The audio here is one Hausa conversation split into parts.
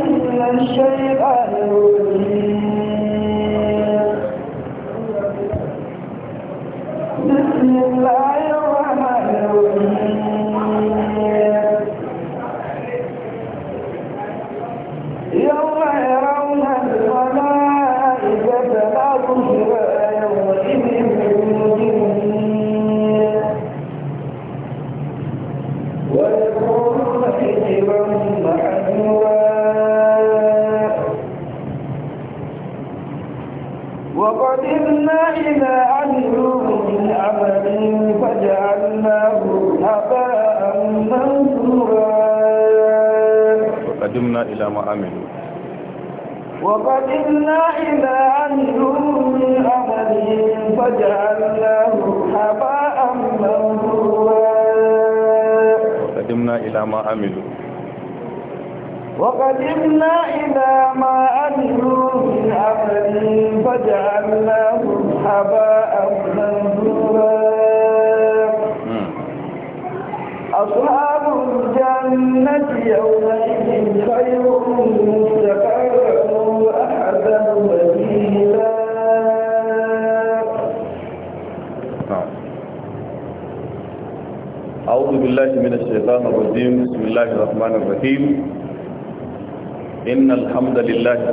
الله من الشيطان الرجيم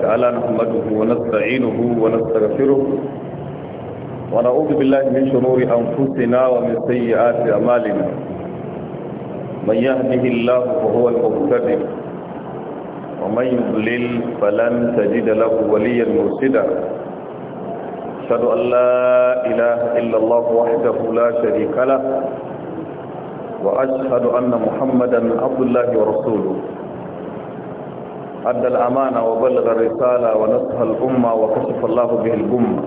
تعالى نحمده ونستعينه ونستغفره ونعوذ بالله من شرور أنفسنا ومن سيئات أمالنا من يهده الله فهو المهتد ومن يضلل فلن تجد له وليا مرشدا أشهد أن لا إله إلا الله وحده لا شريك له وأشهد أن محمدا عبد الله ورسوله أدى الأمانة وبلغ الرسالة ونصح الأمة وكشف الله به الأمة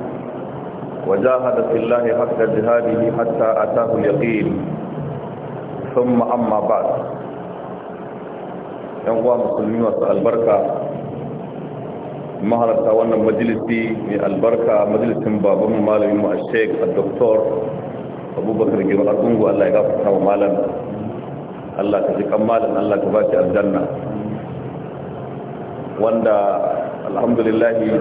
وجاهد في الله حق جهاده حتى أتاه اليقين ثم أما بعد أن هو مسلمين البركة مهرة تاوانا مجلسي من البركة مجلس بابا مالا يمو الشيخ الدكتور أبو بكر جيرو الله يغفر تاو مالا الله تجيك مالا الله تباكي الجنة wanda alhamdulillahi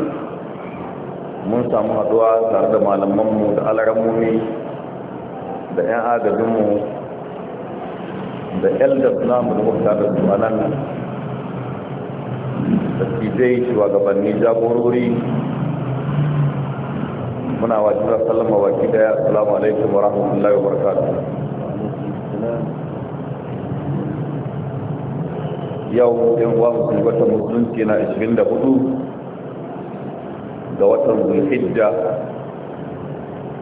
mun samu haduwa tare da malamanmu da alarammomi da 'yan agajinmu da elders namu da muka da su nan da tijai shugabanni jagorori muna wajen da sallama baki daya assalamu alaikum wa rahmatullahi wa barakatuh yau ɗin wa musulmi wata musulunci na 24 ga watan zulhijja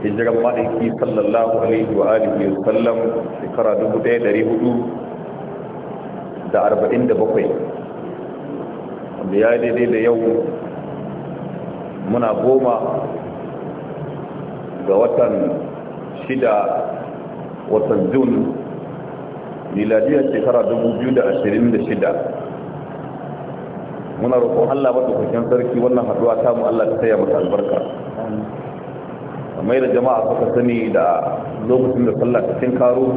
hijiran ma'aiki sallallahu alaihi wa alihi wa sallam shekara 1447 wanda ya daidai da yau muna goma ga watan shida watan june miladiyar shekara 2026 muna roƙon Allah ba dukkan sarki wannan haduwa ta mu Allah ta taya mata albarka mai da jama'a suka sani da lokacin da sallah ta cin karo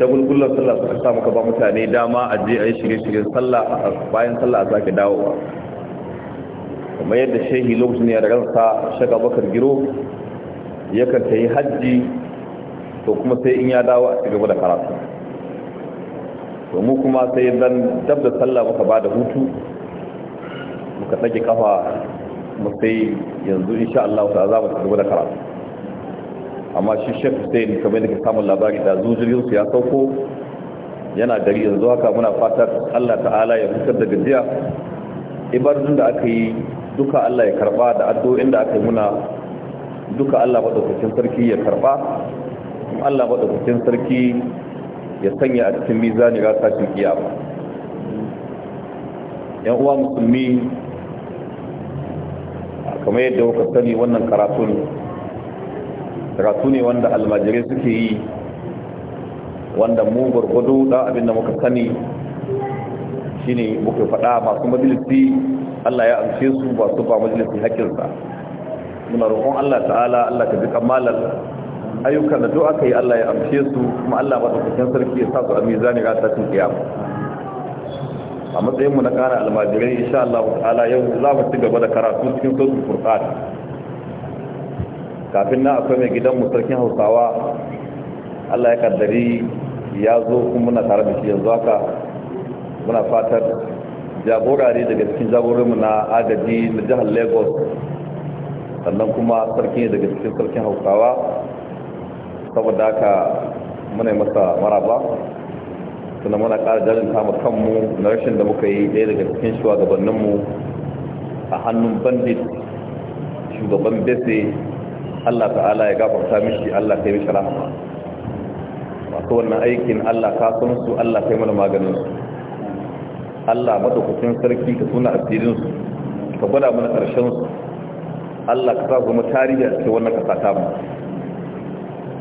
shagulgullar sallah suka sa muka ba mutane dama a je a yi shirye-shiryen sallah a bayan sallah a zaki dawowa kamar yadda shehi lokacin ya da ransa shaka bakar giro yakan ta yi hajji to kuma sai in ya dawo a cigaba da karatu to mu kuma sai dan dabda sallah muka ba da hutu muka tsage kafa mu sai yanzu insha Allah ta za mu cigaba da karatu amma shi sai ni kamar da ka samu labari da zujirgin su ya sauko yana gari yanzu haka muna fatar Allah ta'ala ya fitar da gajiya ibadun da aka yi duka Allah ya karba da addu'o'in da aka yi muna duka Allah madaukakin sarki ya karba Allah maɗaukakin sarki ya sanya a cikin mizani ga tashin ba, yan uwa musulmi kamar yadda kuka sani wannan ne, karatu ne wanda almajirai suke yi wanda mu gwargwado da abinda muka sani shine muka faɗa masu majalisi Allah ya amshe su ba su ba majalisi haƙƙinsa muna roƙon Allah ta'ala Allah ka duka malal ayyukan da duk aka yi Allah ya amshe su kuma Allah ba cikin sarki ya sa su a mizani ga tashin kiyama a matsayin mu na ƙara almajirai insha Allah ta'ala yau za mu ci gaba da karatu cikin sosul furqan kafin na akwai mai gidan mu sarkin Hausawa Allah ya kaddari ya zo kuma muna tare da shi yanzu haka muna fatar jagora ne daga cikin mu na agaji na jihar Lagos sannan kuma sarki daga cikin sarkin hausawa saboda haka muna yi masa maraba sannan muna ƙara jajinta ta kanmu na rashin da muka yi ɗaya daga cikin shugabanninmu a hannun bandit shugaban bese Allah ta'ala ya gafarta mishi Allah ta yi mishi rahama masu wannan aikin Allah ka sun su Allah ta yi mana maganin su Allah madaukakin sarki ka suna asirin su ka gwada mana ƙarshen su Allah ka sa zama tarihi a cikin wannan ƙasa ta mu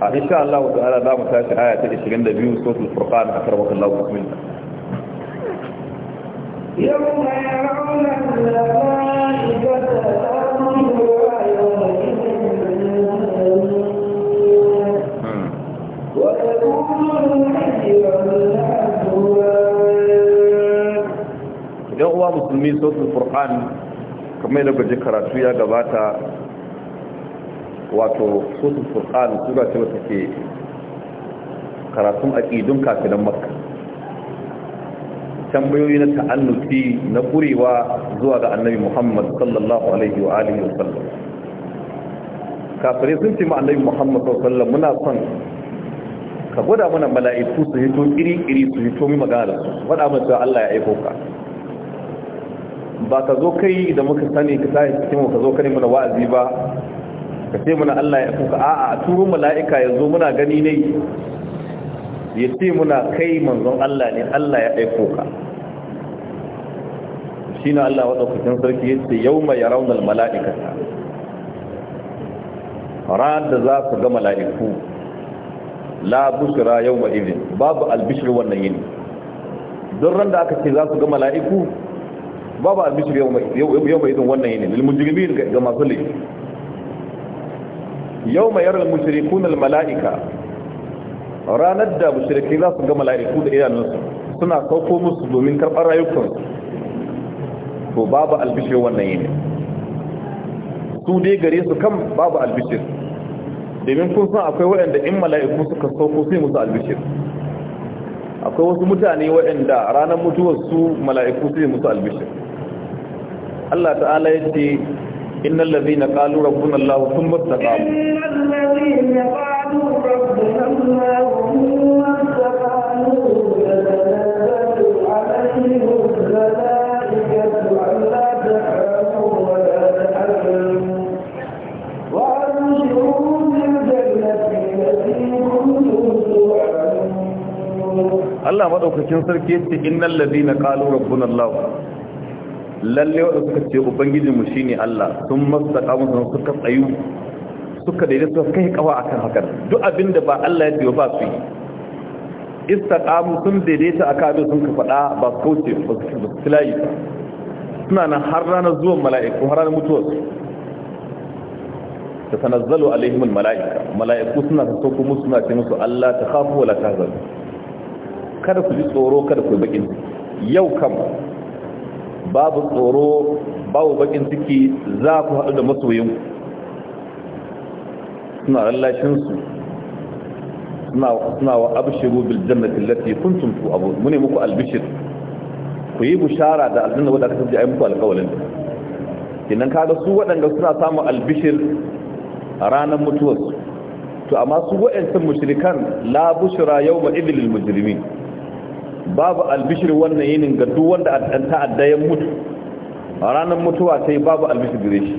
a insha Allah ta'ala za mu tashi aya ta 22 suratul furqan akramakallahu bismillah يوم يرون الملائكة لا تنظر yan uwa musulmi sautul furqan kamar yadda gaji karatu ya gabata wato sutun furkan sura ce wata ke karatun aqidun kafinan makka tambayoyi na ta'annuti na ƙurewa zuwa ga annabi muhammad sallallahu alaihi wa alihi wa sallam kafirai sun ce ma annabi muhammad sallallahu alaihi wa sallam muna son ka gwada mana mala'iku su hito iri-iri su hito mi magana su faɗa mana cewa Allah ya aiko ka ba ka zo kai da muka sani ka tashi cikin ka zo kai mana wa'azi ba ka ce muna Allah ya kuka a'a a turo mala'ika ya zo muna gani ne ya ce muna kai manzon Allah ne Allah ya aiko ka shi na Allah waɗaukacin sarki ya ce yau mai raunar mala'ikata ran da za ku ga mala'iku la bushira yau mai izin babu albishir wannan yini don ran da aka ce za ku ga mala'iku babu albishir yau mai izin wannan yini lilmujirmi ga masu laifi yau mai yarar mushirikun mala'ika ranar da mushirikai za su ga mala'iku da idanunsu suna sauko musu domin karɓar rayukansu to babu albishir wannan yi ne su dai gare su kan babu albishir domin kun san akwai waɗanda in mala'iku suka sauko sai musu albishir akwai wasu mutane waɗanda ranar mutuwarsu mala'iku sai musu albishir Allah ta'ala ya ce إن الذين قالوا ربنا الله ثم استقاموا إن الذين قالوا ربنا الله ثم استقاموا تتنزل عليهم الملائكة التي الله ما إن الذين قالوا ربنا الله lalle wanda suka ce ubangijinmu shine Allah sun masaka musu suka tsayu suka daidai suka kai kawa akan hakan duk abinda ba Allah ya ce ba su yi istaqamu sun daidaita akan abin sun ka faɗa ba su kauce ba su tilayi suna nan har ranar zuwan mala'iku har ranar mutuwar ta tanazzalu alaihimul mala'ika mala'iku suna ta sauko musu suna ce musu Allah ta kafu wala ta tahzanu kada ku ji tsoro kada ku yi bakin yau kam babu tsoro babu bakin ciki za ku haɗu da masoyin suna rallashinsu suna wa abishiru biljan jannati tilafi kun tuntu abu mune muku albishir ku yi bushara da aljanna wadda aka sabbi a yi muku alƙawalin inan kada su waɗanda suna samun albishir a ranar mutuwarsu to amma su waɗancan mushrikan la yau yawma idil mujrimin babu albishir wannan yinin ga duk wanda an ta'adda ya mutu ranar mutuwa sai babu albishir gare shi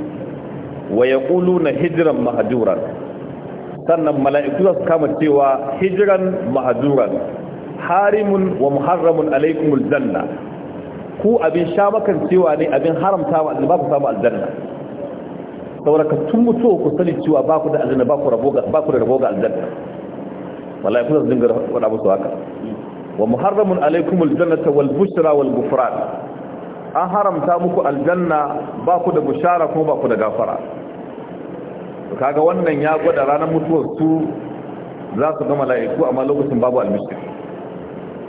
wa yaquluna hijran mahjuran sannan mala'iku za su kama cewa hijran mahjuran harimun wa muharramun alaikumul janna ku abin sha makan cewa ne abin haramta wa ba ku samu aljanna saboda ka tun mutu ku sani cewa ba ku da aljanna ba ku rabo ga aljanna mala'iku za su dinga wada musu haka wa muharramun alaikum aljannata wal bushra wal ghufran an haramta muku aljanna ba ku da bushara kuma ba ku da gafara kaga wannan ya gwada ranar mutuwar su za su ga mala'iku amma lokacin babu almishir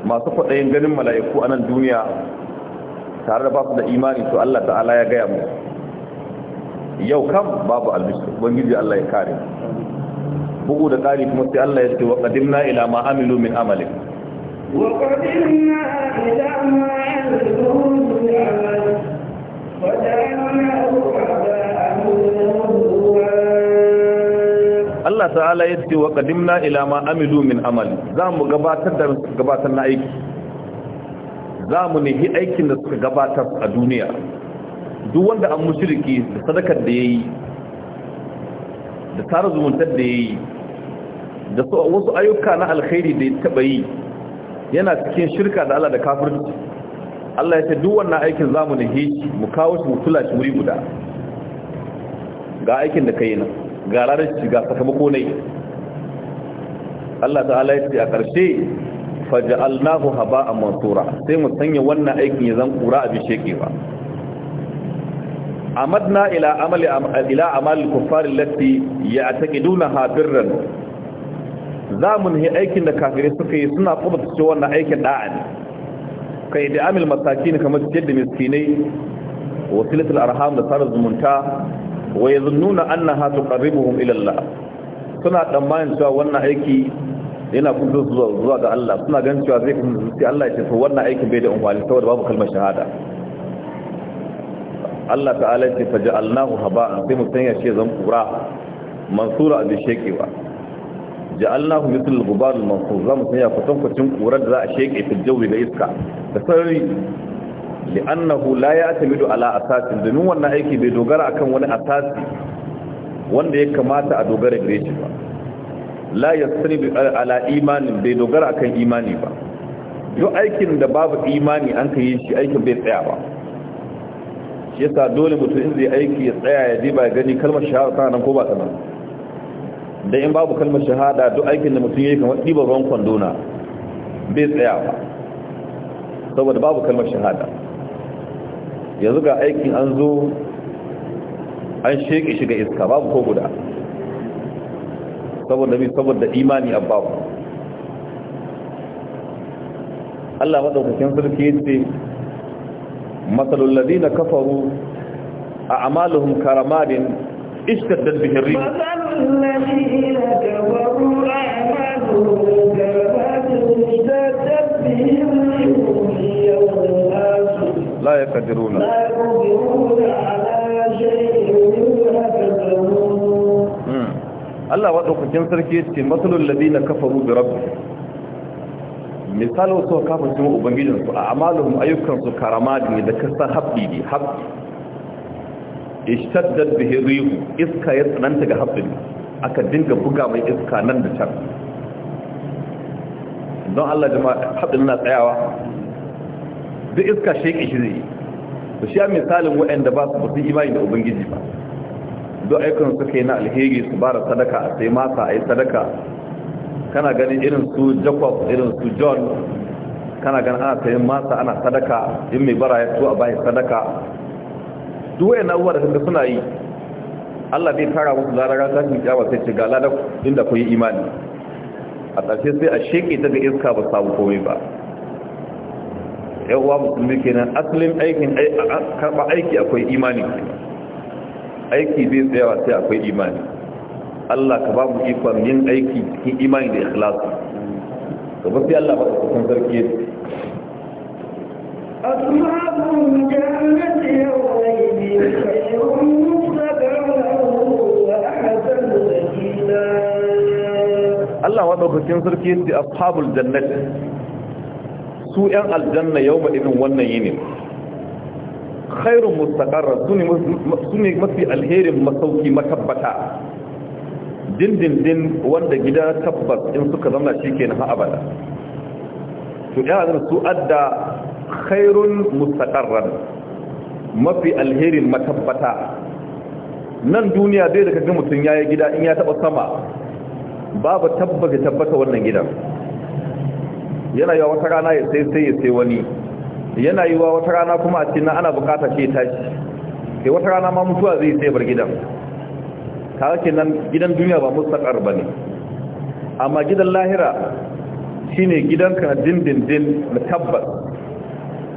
masu kwaɗayin ganin mala'iku a nan duniya tare da ba su da imani to Allah ta'ala ya gaya mu yau kam babu almishir ubangiji Allah ya kare bugu da tsari kuma sai Allah ya ce wa qadimna ila ma amilu min amalin Allah ta'ala ya ce wa qadimna ila ma amilu min amal zamu gabatar da gabatar na aiki zamu hi aikin da suka gabatar a duniya duk wanda an mushriki da sadakar da yayi da tare zumuntar da yayi da wasu ayyuka na alkhairi da ya taba yi yana cikin shirka da Allah da kafirci Allah ya ce duk wannan aikin zamu ne shi mu kawo shi mu tula shi wuri guda ga aikin da kai nan ga rarar shi ga sakamako ne Allah ta'ala ya ce a ƙarshe faja'alnahu haba'an mansura sai mu sanya wannan aikin ya zan kura abin shekewa amadna ila amali ila amali kuffar allati ya'taqidunaha birran za mu ne aikin da kafirai suka yi suna kubata cewa wannan aikin da'a ne kai da amil ne kamar yadda miskinai wasilatul arham da sarar zumunta wa nuna annaha tuqarribuhum ila Allah suna tsammanin cewa wannan aiki yana kusa zuwa zuwa ga Allah suna gan cewa zai kusa zuwa Allah ya ce to wannan aikin bai da amfani saboda babu kalmar shahada Allah ta'ala ya ce faja'alnahu haba'an sai mutun ya ce zan kura mansura bi shekewa ja'alnahu mithl al-ghubal al-mansur zamu sanya kwatankwacin kurar da za a sheke fil jawi da iska da sarri li'annahu la ya'tamidu ala asasin domin wannan aiki bai dogara akan wani asasi wanda ya kamata a dogara gare shi ba la yastanidu ala imanin bai dogara akan imani ba duk aikin da babu imani an kai yi shi aikin bai tsaya ba shi yasa dole mutum in zai aiki ya tsaya ya diba ya gani kalmar shahada tana nan ko ba ta nan da in babu kalmar shahada duk aikin da mutum yake kamar ɗiba ruwan kwandona bai ba saboda babu kalmar shahada yanzu ga aikin an zo an shi ga iska babu ko guda saboda bi saboda imani babu Allah madaukakin sarki yace masalul ladina kafaru a amaluhum karamadin ishtaddat bihi rih والذين كفروا يقدرون لا يقدرون على شيء Allah waɗaukakin sarki ce matsalar ladina kafaru bi rabbi misalin su kafa ubangijinsu a amalin ayyukansu karama da kasan haɓɓi ne haɓɓi ishtaddat bihi rih iska ya tsananta ga habbin aka dinga buga mai iska nan da can don Allah jama'a habbin na tsayawa duk iska sheki shi zai to shi misalin waɗanda ba su basu imani da ubangiji ba don aikin suka yi na alheri su bara sadaka a sai mata a yi sadaka kana ganin irin su jacob irin su john kana ganin ana sayin mata ana sadaka in mai bara ya tuwa a bayan sadaka duwaye na uwa da sanda suna yi Allah zai tara musu larara ta cikin kyawa sai ce ga ladar inda ku yi imani a ƙarshe sai a sheke ta ga iska ba samu komai ba yawwa musulmi kenan asalin aikin karɓa aiki akwai imani aiki zai tsayawa sai akwai imani Allah ka ba mu ikon yin aiki cikin imani da ikhlasu ka ba sai Allah ba su kusan sarki أصحاب الجنة يومئذ Allah maɗaukakin sarki yadda ashabul jannat su ‘yan aljanna yau ba irin wannan yini khairun mustaqarra su ne mafi alherin masauki matabbata dindindin wanda gida tabbas in suka zama shi ke na abada su ‘yan aljanna su adda khairun mustaqarran mafi alherin matabbata nan duniya dai da ga mutum yi gida in ya taba sama babu tabbata tabbata wannan gidan yana yi wata rana ya sai sai ya sai wani yana yi wa wata rana kuma a cikin ana bukata ce tashi sai wata rana ma mutuwa zai sai bar gidan kaga kenan gidan duniya ba ba ne amma gidan lahira shine gidanka na dindindin na tabbas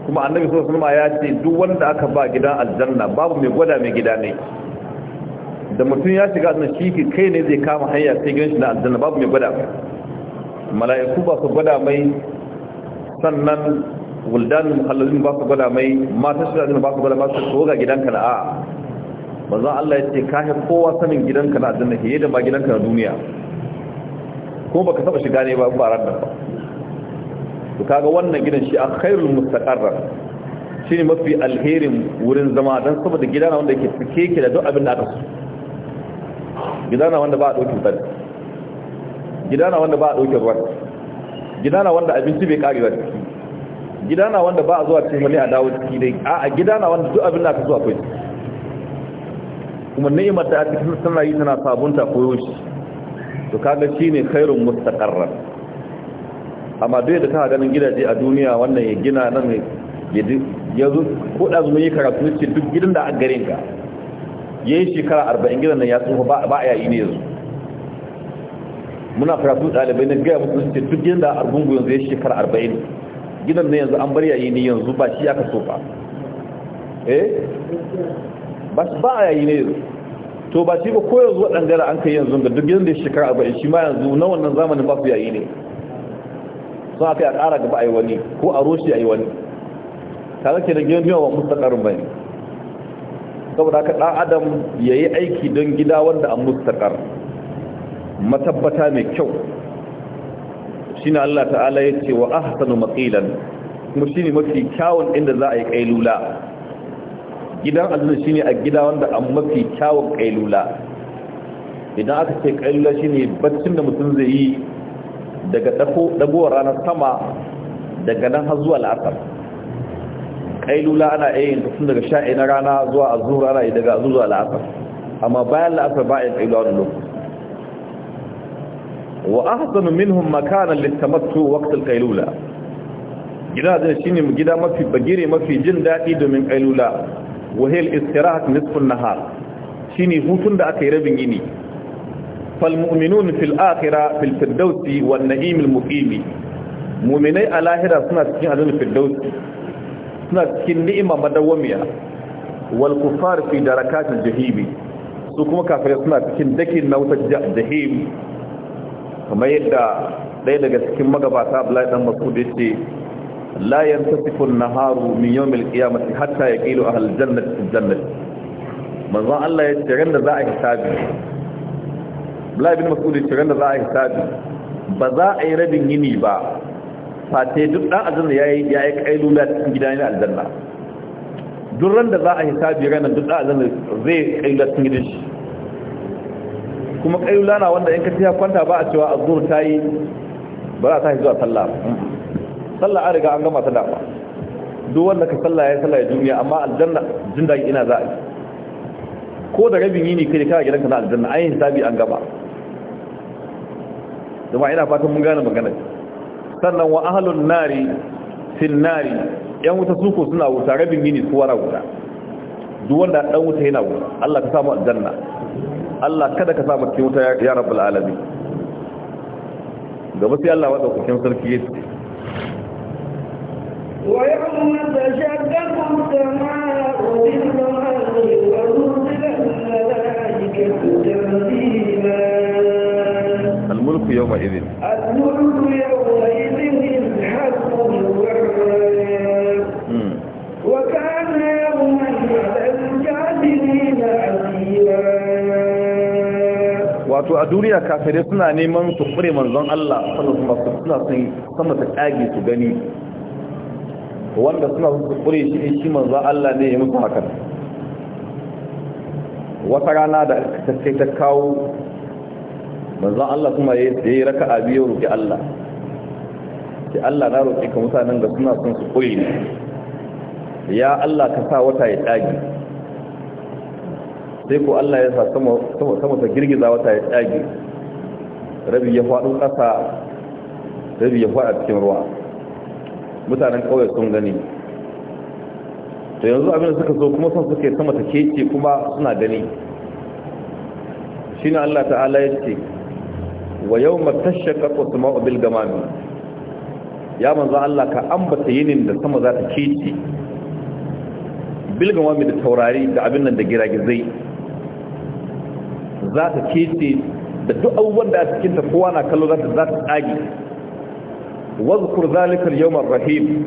kuma annabi sosai suna ya ce duk wanda aka ba gidan aljanna babu mai gwada mai gida ne da mutum ya shiga aljanna shi ke kai ne zai kama hanya sai gidan shi na aljanna babu mai gwada mala'iku ba su gwada mai sannan wuldanin muhallalin ba su gwada mai matan shi aljanna ba su gwada mai su ga gidanka na a'a za Allah ya ce ka he kowa sanin gidanka na aljanna ke yadda ba gidanka na duniya ko baka taba shiga ne ba ba ran nan ba to kaga wannan gidan shi akhairul mustaqarrar shine mafi alherin wurin zama dan saboda gidana wanda yake fike ke da duk abin da aka so gidana wanda ba a dauki ba gidana wanda ba a dauki ruwa gidana wanda abinci bai kare ba gidana wanda ba a zuwa cikin wani a dawo ciki dai a gidana wanda duk abin da aka so akwai kuma ni'imar da a cikin tana tana sabunta koyo shi to kaga shine khairul mustaqarrar amma duk da ta ganin gidaje a duniya wannan ya gina nan ya zo ko da zuwa yi karatu ce duk gidan da an gare ka ya yi shekara arba'in gidan nan ya tsofa ba a yayi ne yanzu muna karatu ɗalibai na gaya musu ce duk gidan da argungu yanzu ya shekara arba'in gidan nan yanzu an bar yayi ne yanzu ba shi aka so eh? ba eh ba a yayi ne yanzu to ba shi ba ko yanzu waɗanda an kai yanzu ga duk gidan da ya shekara arba'in shi ma yanzu na wannan zamanin ba su yayi ne za aka a ƙara gaba a yi wani ko a roshi a yi wani tare ke da gemiya wa mustaƙar bai saboda ka ɗan adam ya yi aiki don gida wanda a mustaƙar matabbata mai kyau shi ne Allah ta'ala ya ce wa a hasanu matsilan kuma shi ne mafi kyawun inda za a yi ƙailula. gidan aljanna shi ne a gida wanda a mafi kyawun ƙailula. idan aka ce ƙailula shi ne baccin da mutum zai yi daga dagowar ranar sama daga nan har zuwa la'asar ƙailula ana yin tun daga sha'i na rana zuwa azur ana yi daga azur zuwa la'asar amma bayan la'asar ba a yin ƙailula wani lokaci wa ahsanu minhum makanan littamattu waqtal ƙailula gida zai shine gida mafi bagire mafi jin daɗi domin ƙailula wahil istirahat nisfun nahar shine hutun da aka yi rabin yini falmu'minun fil akhirah fil firdausi wan na'im mu'minai a lahira suna cikin aljanna firdausi suna cikin ni'ima madawamiya wal kufar fi darakatil jihimi. su kuma kafirai suna cikin dakin na wutar jahim kamar yadda ɗaya daga cikin magabata abu dan masu da ce layan la yantasifun naharu min yawmil qiyamati hatta yaqilu ahlul jannati fil jannati manzon Allah ya ce ran da za a hisabi abdullahi bin mas'ud ya ce da za a yi hisabi ba za a yi rabin yini ba fate duk dan yi ya yi kailula cikin gidan aljanna duk ran da za a hisabi ranan duk dan azan zai kailula cikin gidan shi kuma kailula na wanda in ka tiya kwanta ba a cewa ta yi, ba za ta zuwa sallah sallah an riga an gama ta dafa duk wanda ka sallah ya sallah ya duniya amma aljanna jin ina za a yi. ko da rabin yini kai ka gidanka na aljanna ayin hisabi an gama zama ina fatan mun gane magana sannan wa ahalun nari fin nari yan wuta suko suna wuta rabin yini kowa na wuta duk wanda dan wuta yana wuta Allah ka samu aljanna Allah kada ka samu cikin wuta ya rabbul alamin gaba sai Allah wadda kokin sarki ya ce ويوم تشقق السماء بالرعد ونزل الملائكة تنزيلا الملك يومئذ الملك يومئذ الحق وكان يوما على wato a duniya kafirai suna neman su kure manzon Allah sallallahu suna sun sama ta kage su gani wanda suna su kure shi ne shi manzon Allah ne ya mutu hakan wata rana da kai ta kawo manzo Allah kuma ya yi raka'a biyu ruki Allah ki Allah na roki ka mutanen da suna son su koyi ya Allah ka sa wata ya tsage sai ko Allah ya sa sama sama ta girgiza wata ya tsage rabi ya faɗo ƙasa rabi ya faɗa cikin ruwa mutanen ƙauye sun gani to yanzu abin da suka zo kuma son suke sama ta kece kuma suna gani shi Allah ta'ala ya ce wa yau matashaka kusurma obil gamami ya manzo Allah ka ambata yinin da sama za ta keci bilgamami da taurari da abin nan da giragizai za ta keci da duk abubuwan da a cikin ta kowa na kallo za ta za ta tsagi wazkur zalikal yawmar rahim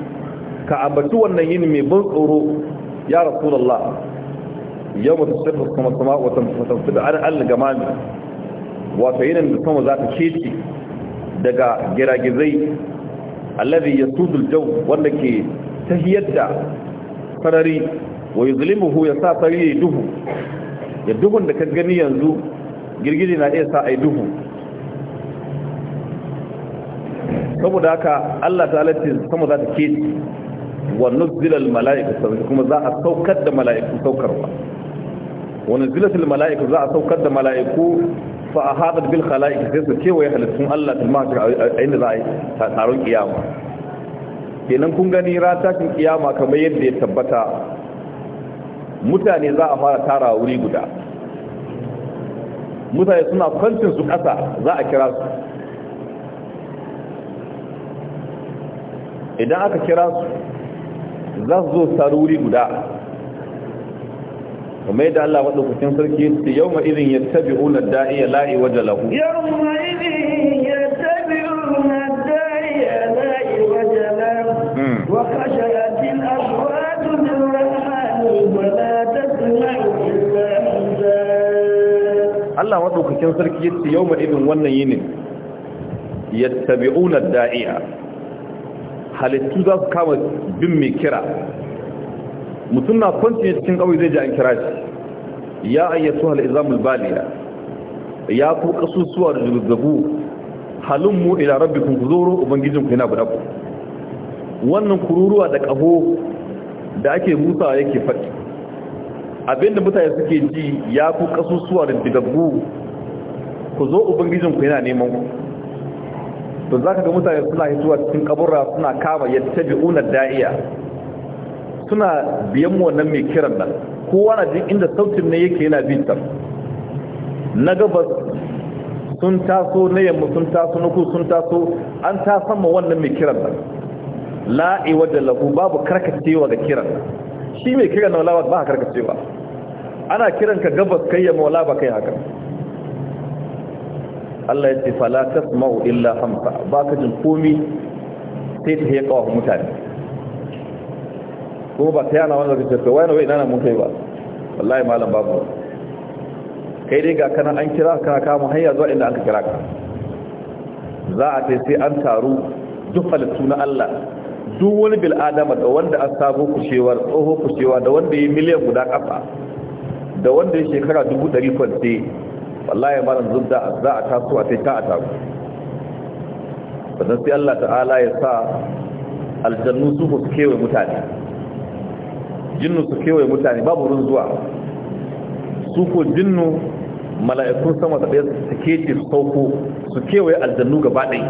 ka ambatu wannan yini mai ban tsoro ya rasulullah yawma tashaqqaqu as-sama'u wa tanfadu 'ala al-gamami wato yanayin da sama za ta kece daga giragizai allazi yasudul jau wanda ke tahiyar da sarari wa hu ya sa sarari duhu ya duhun da ka gani yanzu girgiri na iya sa ai duhu saboda haka Allah ta halatta sama za ta kece wa nuzilal mala'iku saboda kuma za a saukar da mala'iku saukarwa wani zilatul mala'iku za a saukar da mala'iku fa a haɗar bil khalaiki sai su kewaye halittun Allah ta mahajjar a inda za a yi taron kiyama kenan kun gani ratakin kiyama kamar yadda ya tabbata mutane za a fara tara wuri guda mutane suna kwancin su ƙasa za a kira su idan aka kira su za su zo taru wuri guda kamar yadda Allah maɗaukakin sarki ya yau hmm. irin ya tabi unar da'iya la'i wajen lahu yau irin ya wajen Allah sarki yadda yau irin wannan yinin ya tabi unar da'iya halittu za su kama bin mai kira mutum na kwanci cikin ƙauye zai ji an kira shi ya ayyatu hal izamul baliya ya ku kasusuwa da zuzzabu halin mu ila rabbikum ku zoro ubangijin ku yana guda ku wannan kururuwa da ƙaho da ake musa yake faɗi abinda mutane suke ji ya ku kasusuwa da zuzzabu ku zo ubangijin ku yana neman ku to zaka ga mutane suna hituwa cikin kaburra suna kama yattabi'una da'iya suna biyan wannan mai kiran nan kowa na jin inda sautin ne yake yana ta na gabas sun taso na yamma sun taso na ku sun taso an ta sama wannan mai kiran nan la'i wadda lahu babu karkacewa ga kiran nan shi mai kiran nan wala ba karkacewa ana kiran ka gabas kai yamma wala ba kai haka Allah ya ce fala tasma'u illa hamsa ba ka jin komi sai ta yi kawo mutane ko ba ta yana wanda zai tafiya wani wai nana mun kai ba wallahi malam babu kai dai ga kanan an kira ka kama hanya zuwa inda an ka kira ka za a kai sai an taru duk halittu na Allah duk wani bil'adama da wanda an sabo kushewar tsoho kushewa da wanda ya miliyan guda kafa da wanda ya shekara dubu ɗari kwante wallahi malam zubda za a taso a sai ta a taru sannan sai Allah ta'ala ya sa aljannu su fuskewa mutane jinnu su kewaye mutane babu wurin zuwa su ko jinnu mala'ikun sama da ɗaya su ce su sauko su kewaye aljannu gaba ɗaya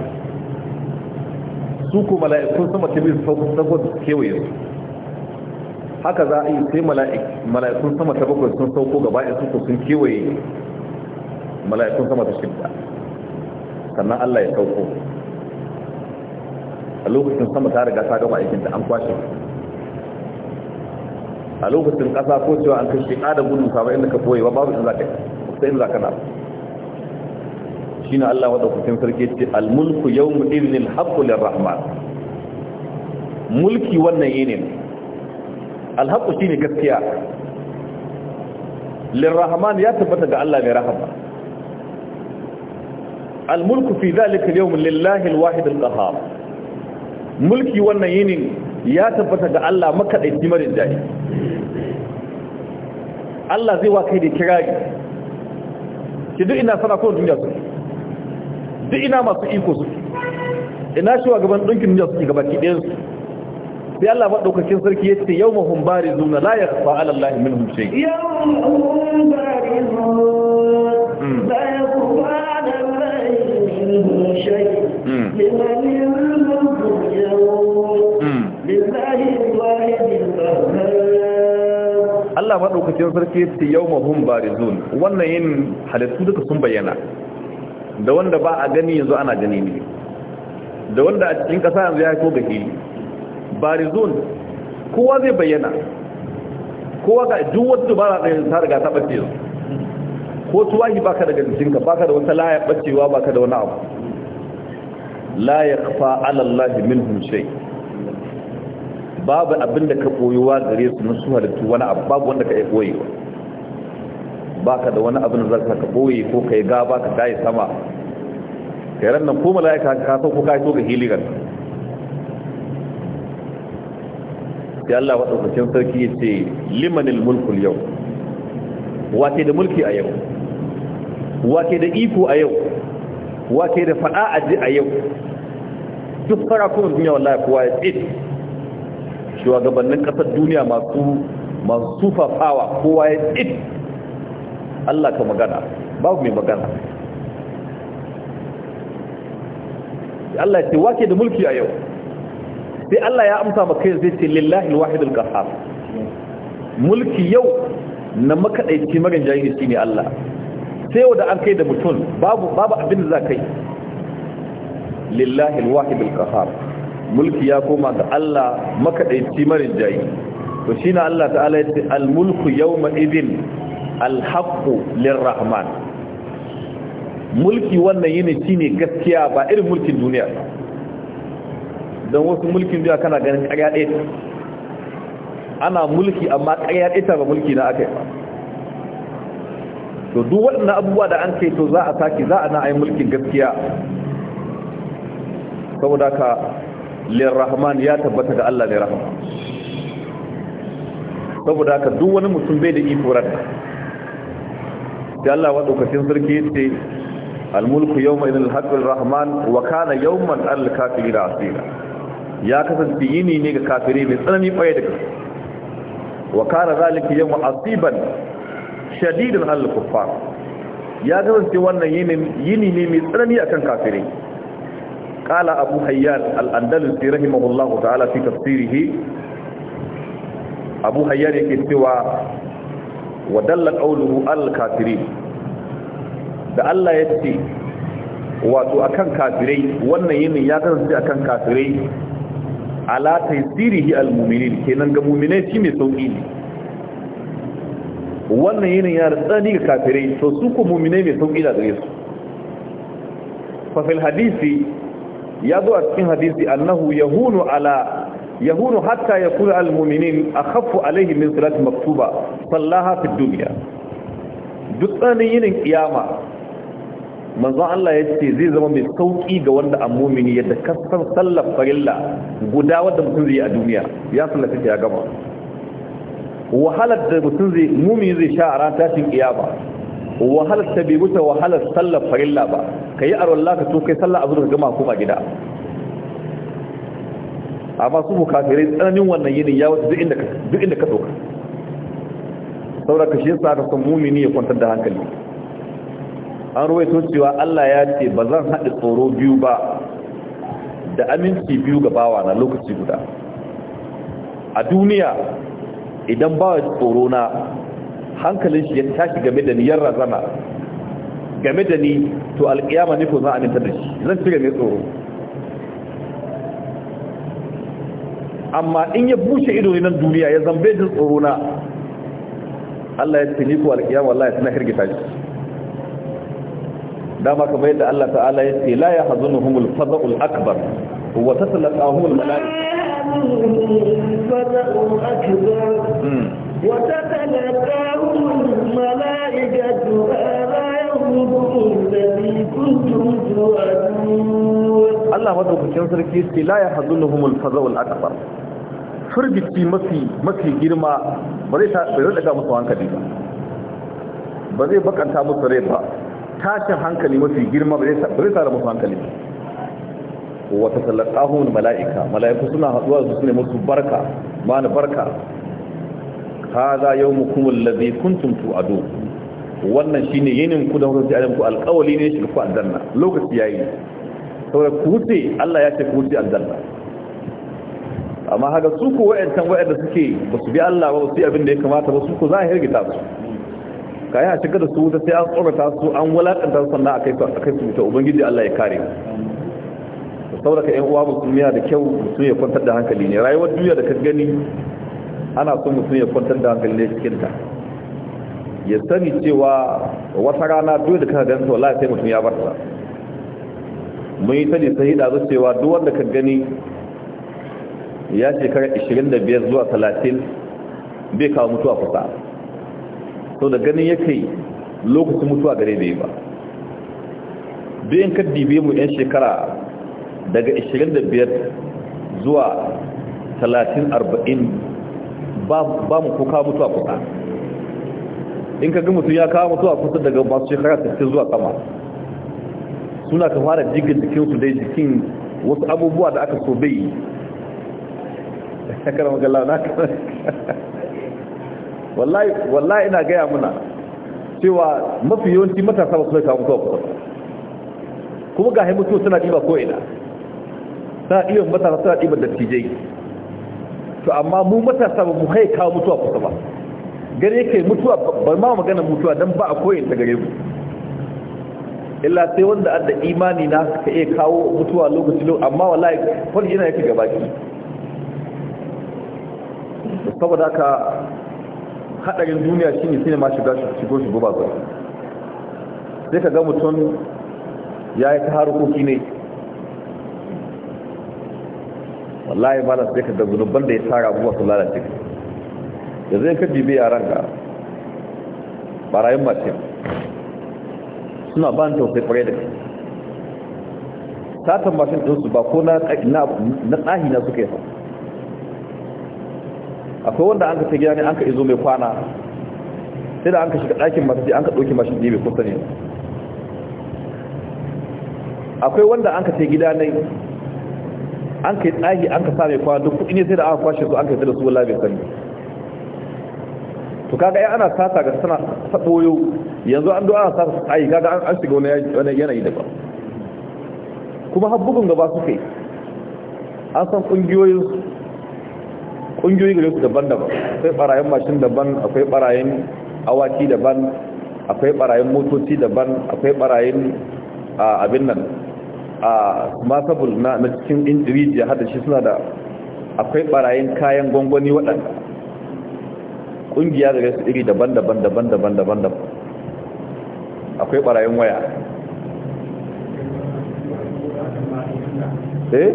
su ko mala'ikun sama ta biyu su sauko su su kewaye su haka za a yi sai mala'ikun sama ta bakwai sun sauko gaba ɗaya su ko sun kewaye mala'ikun sama ta shidda sannan Allah ya sauko a lokacin sama ta riga ta gama aikinta an kwashe a lokacin kasa ko cewa an kashe kada gudun ka inda ka boye babu in zaka sai in ka na Shi na Allah wada kucin sarki ce al-mulku yawmu idhnil haqqu lirrahman mulki wannan yene al shi ne gaskiya lirrahman ya tabbata ga Allah mai rahama al-mulku fi dhalika yau yawm lillahi al-wahid mulki wannan yinin ya tabbata ga Allah makadaici marin jahi Allah zai waka kai da kirari ki duk ina sana kowane duniya suke duk ina masu iko suke ina shi wa gaban ɗunkin duniya suke gabaki ɗayansu sai Allah maɗaukakin sarki ya ce yau mahun bari zuna layar fa alallahi min humshe yau mahun bari zuna hmm. layar fa'alar lahi min humshe Allah maɗaukacin sarki su yau mahun barizun wannan yin halittu duka sun bayyana da wanda ba a gani yanzu ana gani ne da wanda a cikin ƙasa yanzu ya haifo ga hili barizun kowa zai bayyana kowa ga duk wasu dubara ɗaya ta riga ta ɓace yanzu ko tuwahi ba ka daga jikinka ba ka da wata laya ɓacewa ba ka da wani abu la ya kafa alallahi min hunshe babu abin da ka koyuwa gare su na su halittu wani abu babu wanda ka yi koyewa ba ka da wani abin da za ka koyi ko ka yi gaba ka kayi sama ka yi nan ko laika ka ko ka yi so ga hiligan sai Allah wa ɗaukacin sarki ya ce limanil mulkul yau wake da mulki a yau wake da iko a yau wake da faɗa a ji a yau duk fara kuma duniya wallahi kowa ya tsit gabanin kasar duniya masu masu super power kowa ya tsit Allah ka magana babu mai magana Allah ya ce wake da mulki a yau sai Allah ya amsa maka yanzu zai ce lillahi wahidul qahhar mulki yau na makadaici magan jahili shine Allah sai wanda an kai da mutum babu babu abin da za kai lillahi wahidul qahhar mulki ya koma ga Allah makaɗaici marin jayi to shi na Allah ta'ala ya ce al mulku idin al-haqqu lir-rahman mulki wannan yini shine ne gaskiya ba irin mulkin duniya don wasu mulkin duniya kana ganin ƙarya ɗaya ana mulki amma ƙarya ɗaya ba mulki na aka yi ba to duk waɗannan abubuwa da an kai to za a saki za a na ai mulkin gaskiya saboda ka lirrahman ya tabbata ga Allah ne rahama saboda haka duk wani mutum bai da iko rata sai Allah wa dokacin sarki yace al-mulku yawma idhil haqqur rahman wa kana yawman al-kafirin asira ya kasance yini ne ga kafiri mai tsanani kwaye da gaske wa kana zalika yawma asiban shadidan al-kuffar ya kasance wannan yini ne mai tsanani akan kafirai قال أبو حيان الأندلسي رحمه الله تعالى في تفسيره أبو حيان يكتوى ودل قوله الكافرين da Allah ya ce wato akan kafirai wannan yinin ya kasance akan kafirai ala taysirihi almu'minin kenan ga mu'minai shi mai sauki ne wannan yinin ya tsani ga kafirai to su ko mu'minai mai sauki da gare su fa fil hadisi ya zo a cikin hadisi annahu yahunu ala yahunu hatta yakuna almu'minin akhaffu alaihim min salati maktuba sallaha fi dunya duk tsanin yinin kiyama manzon Allah ya ce zai zama mai sauki ga wanda an mumini yadda kasar sallar farilla guda wanda mutum zai a duniya ya sallata ya gama wahalar da mutum zai mumini zai sha a ran tashin kiyama wahalar ta bai wuce wahalar sallar farilla ba ka yi arwallah laka to kai sallar abu da gama ba gida amma su mu kafirai tsananin wannan yini ya wata duk inda ka tsoka saboda ka shi yasa ka san mumini ya kwantar da hankali an to cewa Allah ya ce ba zan haɗe tsoro biyu ba da aminci biyu ga bawa na lokaci guda a duniya idan bawa tsoro na hankalin shi ya tashi game da ni ya razana game da ni to alƙiyama ne ko za a ninta da shi zan ci mai tsoro amma in ya bushe ido nan duniya ya zambe da tsoro na Allah ya ce ni ko alƙiyama Allah ya tana hirgita shi dama kamar yadda Allah ta'ala ya ce la ya hazunuhumul fada'ul akbar wa al mala'ika وتتلقاهم الملائكة هذا يوم الذي كنتم توعدون الله madaukakin sarki ce la ya hazunhum na fazaw al-akbar furgici mafi mafi girma ba zai ta bai rada musu hankali ba ba zai bakanta musu rai ba tashin hankali mafi girma ba zai ta musu hankali wa tasallaqahum al-mala'ika mala'iku suna haduwa su ne musu barka ma barka hadha yawmukum alladhi kuntum tu'adu wannan shine yinin ku da kuka ji alim ku alƙawali ne shi ku aljanna lokaci yayi saboda ku huce Allah ya ce ku huce aljanna amma haka su ko wayantan da suke ba su bi Allah ba su yi abin da ya kamata ba su ko za a hirgita su kai a shiga da su wuta sai an tsorata su an wulakanta su sannan akai su akai su ta ubangiji Allah ya kare saboda ka yan uwa musulmiya da kyau su ya kwantar da hankali ne rayuwar duniya da ka gani ana so mutum ya kwantar da hankali ne cikinta ya sani cewa wata rana duk da kaga ganta wallahi sai mutum ya barta mun yi sani sai da cewa duk wanda ka gani ya shekara 25 zuwa 30 bai kawo mutuwa kusa to da ganin yake lokacin mutuwa gare yi ba bayan ka dibe mu yan shekara daga 25 zuwa 30 40 ba mu kuka mutuwa kusa in ka ga mutum ya kawo mutuwa kusa daga masu shekara 60 zuwa sama suna ka fara jikin su dai jikin wasu abubuwa da aka so bai karama gala na wallahi wallahi ina gaya muna cewa mafi yawanci matasa ba su zai kawo mutuwa kusa kuma ga haimutu suna ɗiba ko ina suna ɗiban matasa suna da dattijai to amma mu matasa ba mu kai kawo mutuwa kusa ba gare yake mutuwa ba ma magana mutuwa don ba a koyin ta gare mu illa sai wanda da imani na ka iya kawo mutuwa lokaci lokaci amma wallahi wani yana yake gaba ki saboda ka hadarin duniya shine shine ma shiga shigo shigo ba zai sai ka ga mutum ya yi ta harkoki ne wallahi ba sai ka da zunubban da ya tara abubuwa su lalace da zai ka jibe a ranka. barayin mace suna ba ni tausayi kwarai da ta tambashin ɗinsu ba ko na ɗahi na suka yi akwai wanda an ka ta gida ne an ka izo mai kwana sai da an ka shiga ɗakin masu an ka ɗauki mashin ɗibe kusa ne akwai wanda an ka ta gida ne an kai tsahi an ka same kwa duk kuɗi ne sai da aka kwashe su an kai da su wallahi bai sani to kaga ai ana sata ga sana saboyo yanzu an do ana sata tsahi kaga an an shiga wani yanayi ba. kuma har bugun gaba suke an san kungiyoyin kungiyoyi gare su daban-daban akwai barayen mashin daban akwai barayen awaki daban akwai barayen motoci daban akwai barayen abin nan a masabul na cikin injiri da hada shi suna da akwai barayin kayan gwangwani waɗanda ƙungiya da su iri daban-daban daban-daban daban-daban akwai barayin waya eh?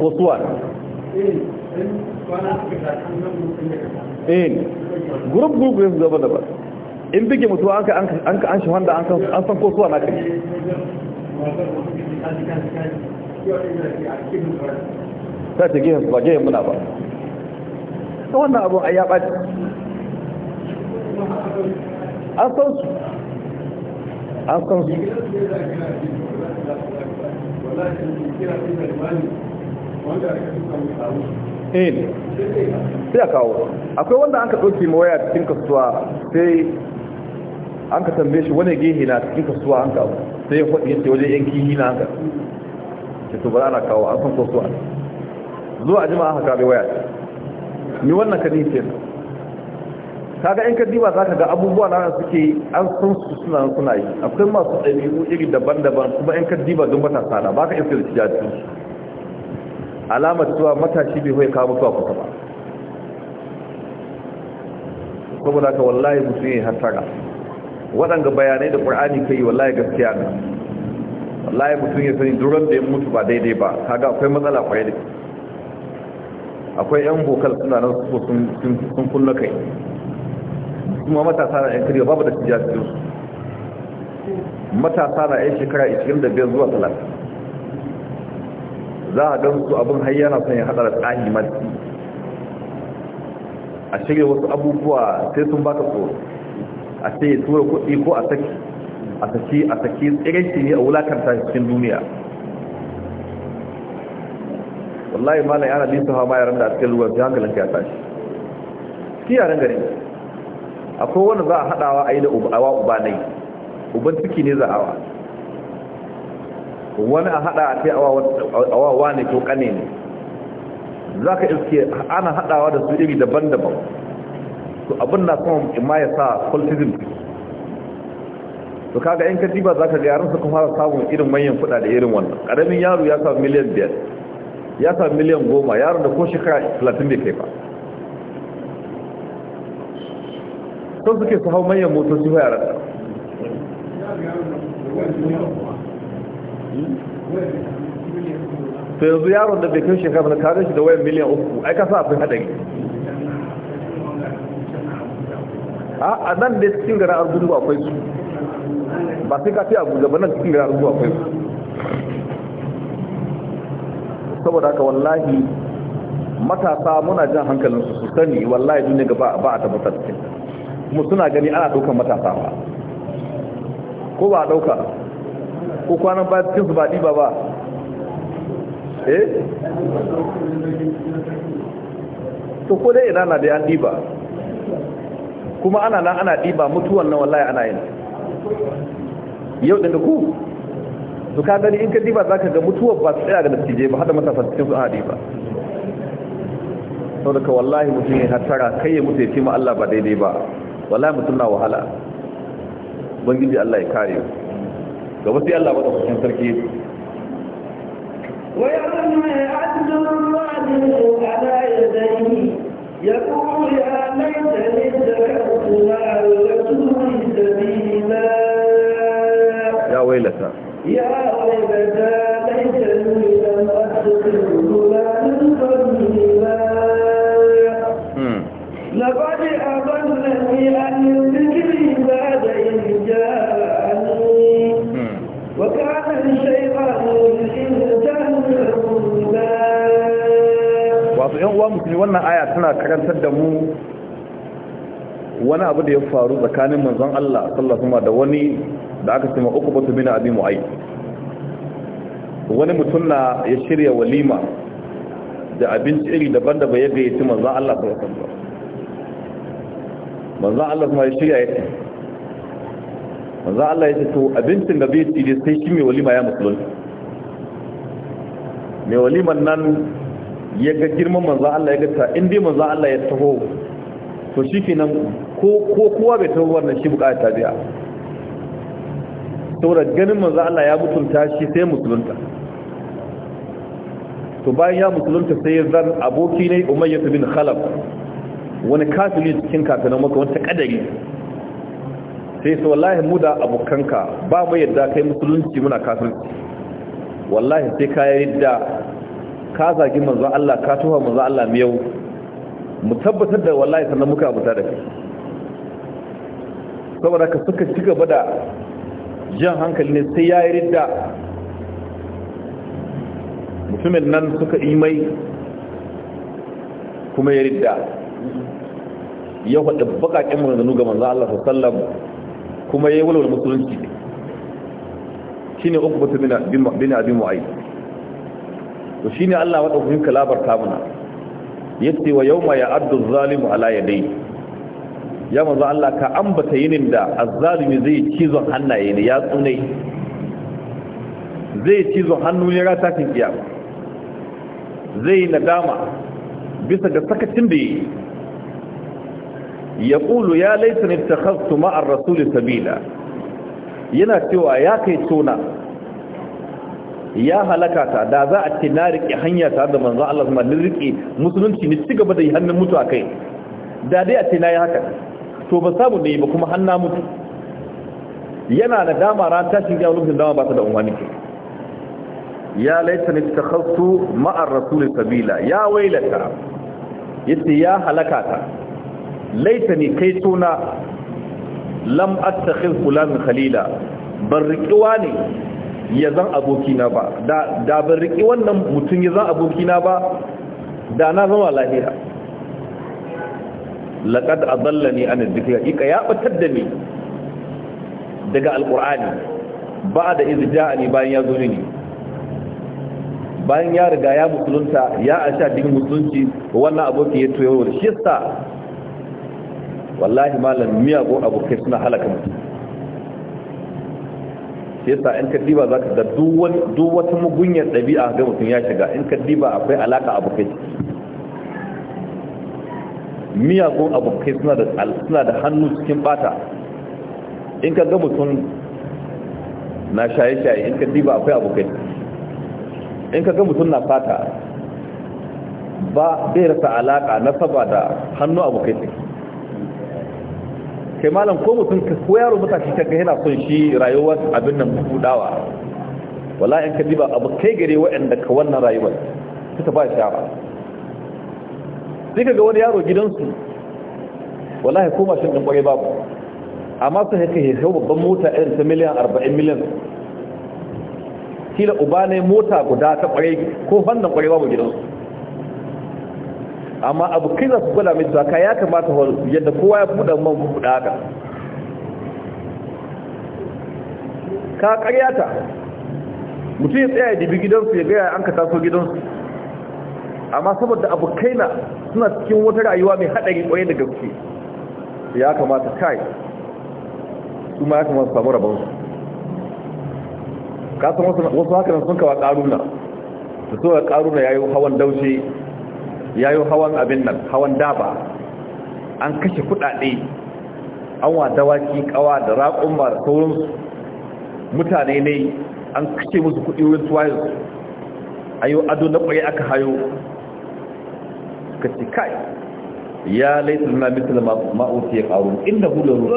suwa eh group group ne gaba da in bige mutu an ka an ka an shi wanda an san san ko suwa na kai ta ce gehen ba gehen muna ba ta wannan abu ai ya ce an san su an san su eh sai a kawo akwai wanda an ka ɗauki mawaya cikin kasuwa sai an ka tambaye shi wani gehe na cikin kasuwa an kawo sai ya faɗi yadda wajen yanki yi na haka ke to bari na kawo an san kasuwa zuwa a jima'a haka bai waya ni wannan ka ni ce kaga in ka diba za ka ga abubuwa na suke an san su suna suna yi akwai masu ɗabi'u iri daban-daban kuma in ka diba don matasa na ba ka iska da cikin alamar cewa matashi bai hoye kawo mutuwa kuka ba saboda ka wallahi mutum yin hasara waɗanga bayanai da ƙur'ani ka yi wallahi gaskiya na wallahi mutum ya sani duran da ya mutu ba daidai ba kaga akwai matsala kwaye da akwai yan bokal suna nan sun kunna kai kuma matasa na yan kariya babu da su matasa na yan shekara 25 zuwa 30 za a gan su abin har yana son ya hada da tsahi matsi a shirya wasu abubuwa sai sun baka tsoro a ce ya tura kuɗi ko a saki a saki a saki tsiranci ne a wulakanta cikin duniya wallahi malam yana bin su hama yaran da a cikin ruwan jihangalin ya tashi shi yaran gari akwai wani za a haɗawa a yi da awa ubanai uban ciki ne za a wani a hada a ce awawa ne ko kane ne za ka iske ana hadawa da su iri daban-daban to abin na son ma ya sa cultism to kaga in ka diba za ka ga yaran suka samun irin manyan kuda da irin wannan ƙaramin yaro ya samu miliyan biyar ya samu miliyan goma yaron da ko shekara talatin bai kai ba sun suke su hau manyan motoci yaran to yanzu yaron da bai kai shekara na kare shi da wayan miliyan uku ai ka sa akwai haɗari. a nan da cikin gara arzuku akwai su ba sai ka fi abuja ba nan cikin gara arzuku akwai su saboda haka wallahi matasa muna jan hankalin su sani wallahi duniya gaba ba a tabbatar cikin kuma suna gani ana ɗaukar matasa ba ko ba a ɗauka ko kwanan ba cikin su ba ɗiba ba eh to ko dai idan na da yan ɗiba kuma ana nan ana ɗiba mutuwan nan wallahi ana yin yau ɗin da ku to ka gani in ka ɗiba za ka ga mutuwar ba su tsaya ga dattijai ba hada matasa cikin su ana ɗiba sau da ka wallahi mutum ya hattara kai ya mutu ya ce ma Allah ba daidai ba wallahi mutum na wahala bangiji Allah ya kare mu ga wasu Allah ba da sarki ويوم يعد الظالم على يديه يقول يا ليتني ذكرت وأولدت في سبيل الله يا ويلتى يا karantar da mu wani abu da ya faru tsakanin manzon Allah sallallahu alaihi da wani da aka cewa ma uku batu bin abi mu'ay wani mutum na ya shirya walima da abinci iri daban da bai ya gayyaci manzon Allah sallallahu alaihi wasallam manzon Allah kuma ya shirya ya manzon Allah ya ce to abincin da bai ci sai shi mai walima ya musulunci, mai waliman nan ya ga girman manzo Allah ya ta in dai manzo Allah ya taho to shi ke nan ko kowa bai taho wannan shi bukata biya da ganin manzo Allah ya mutunta shi sai musulunta to bayan ya musulunta sai ya zan aboki ne Umayyah bin khalaf wani kafiri cikin kafinan maka wata kadari sai sai wallahi mu da abokanka ba mu yadda kai musulunci muna kafirci wallahi sai ka yadda ka zagi manzo Allah ka tuha manzo Allah mu yau mu tabbatar da wallahi sannan muka abuta da kai saboda ka suka ci gaba da jan hankali ne sai yayi ridda mutumin nan suka yi mai kuma ya ridda ya faɗi baƙaƙen manzannu ga manzo Allah sallam kuma ya yi walwala musulunci shi ne uku mutum bin abin mu'ayi to ne Allah wanda kun kalabar ta Ya ce wa yawma ya'addu zalimu ala dai. ya mazu Allah ka ambata yinin da azzalimi zai cizon hannaye ne ya tsune zai cizon hannu ne rata kan kiyama zai nadama bisa ga sakacin da yi ya ƙulu ya laifin ta hastu ma'ar rasulun sabila yana cewa ya kai tona ya halaka ta da za a ce na riƙe hanya tare da manzan Allah kuma ni riƙe musulunci ne ci gaba da yi hannun mutu a kai da dai a ce na yi haka to ba samu ne ba kuma hannu mutu yana da dama ran tashin gina lokacin dama ba ta da umarni ke ya laita ni ta khastu ma'ar rasul sabila ya wailata yace ya halaka ta laita ni kai tona lam attakhil fulan khalila Ban riƙiwa ne ya zan abokina ba da ban riƙe wannan mutum ya zan abokina ba da na zama lahira laƙad a zalla ne an zikira ika ya ɓatar da ni daga alƙur'ani ba da izu ja'ani bayan ya zo ne bayan ya riga ya musulunta ya a sha din musulunci wannan aboki ya toyo da shi sa wallahi malam miyagun abokai suna halaka mutum sai sa in kaddiba za ka ga duk wata mugunyar ɗabi'a ga mutum ya shiga in kaddiba akwai alaka abokai miyagun abokai suna da hannu cikin bata in ka ga mutum na shaye-shaye in kaddiba akwai abokai in ka ga mutum na fata ba bai rasa alaka na saba da hannu abokai kai malam ko mutum ka ko yaro matashi ka yana son shi rayuwar abin nan budawa wallahi in ka diba abu kai gare waɗanda ka wannan rayuwar ta ba shara sai kaga wani yaro gidansu wallahi ko mashin din kwarai babu amma sai kai ya kawo babban mota irin ta miliyan 40 miliyan kila uba ne mota guda ta kwarai ko fannin kwarai babu gidansu amma abu kai za su gwada mai zaka ya kamata yadda kowa ya buɗa man buɗa haka ka karyata mutum ya tsaya dibi gidansu ya gaya an ka taso gidansu amma saboda abu kai na suna cikin wata rayuwa mai haɗari ƙwaye da gaske ya kamata kai su ma ya kamata samu rabonsu kasan wasu haka sun kawa ƙaruna da so ƙaruna ya yi hawan daushe ya yi hawan abin nan hawan daba an kashe kudade an wa waki kawa da raƙon ba da sauransu mutane ne an kashe musu kudi wurin tuwayo a yi ado na ƙwaye aka hayo ka kai ya laifin na da ma'auti ya ƙaru inda hulun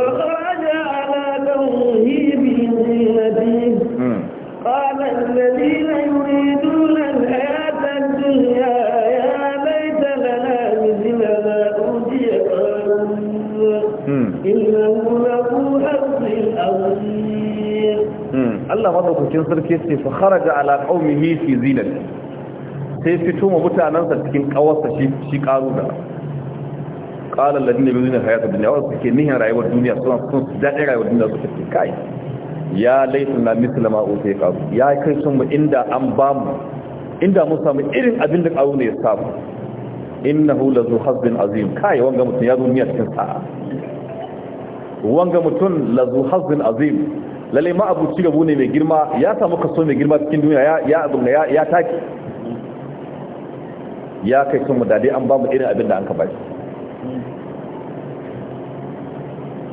hmm. قال الذين يريدون الحياة الدنيا Allah madaukakin sarki ce fa kharaja ala qaumihi fi zinat sai fito ma mutanansa cikin kawarsa shi shi da qala alladhina yuzina hayata dunya wa suke nihin rayuwar duniya sun sun dade rayuwar duniya su take kai ya laituna mithla ma utai qaru ya kai sun mu inda an ba mu inda mun samu irin abin da qaru ne ya samu innahu lazu hazbin azim kai wanga mutun ya duniya cikin sa'a wanga mutun lazu hazbin azim lalle ma abu ci gabo ne mai girma ya samu kaso mai girma cikin duniya ya ya abin ya ya taki ya kai sun mu dade an ba mu irin abin da an ka bashi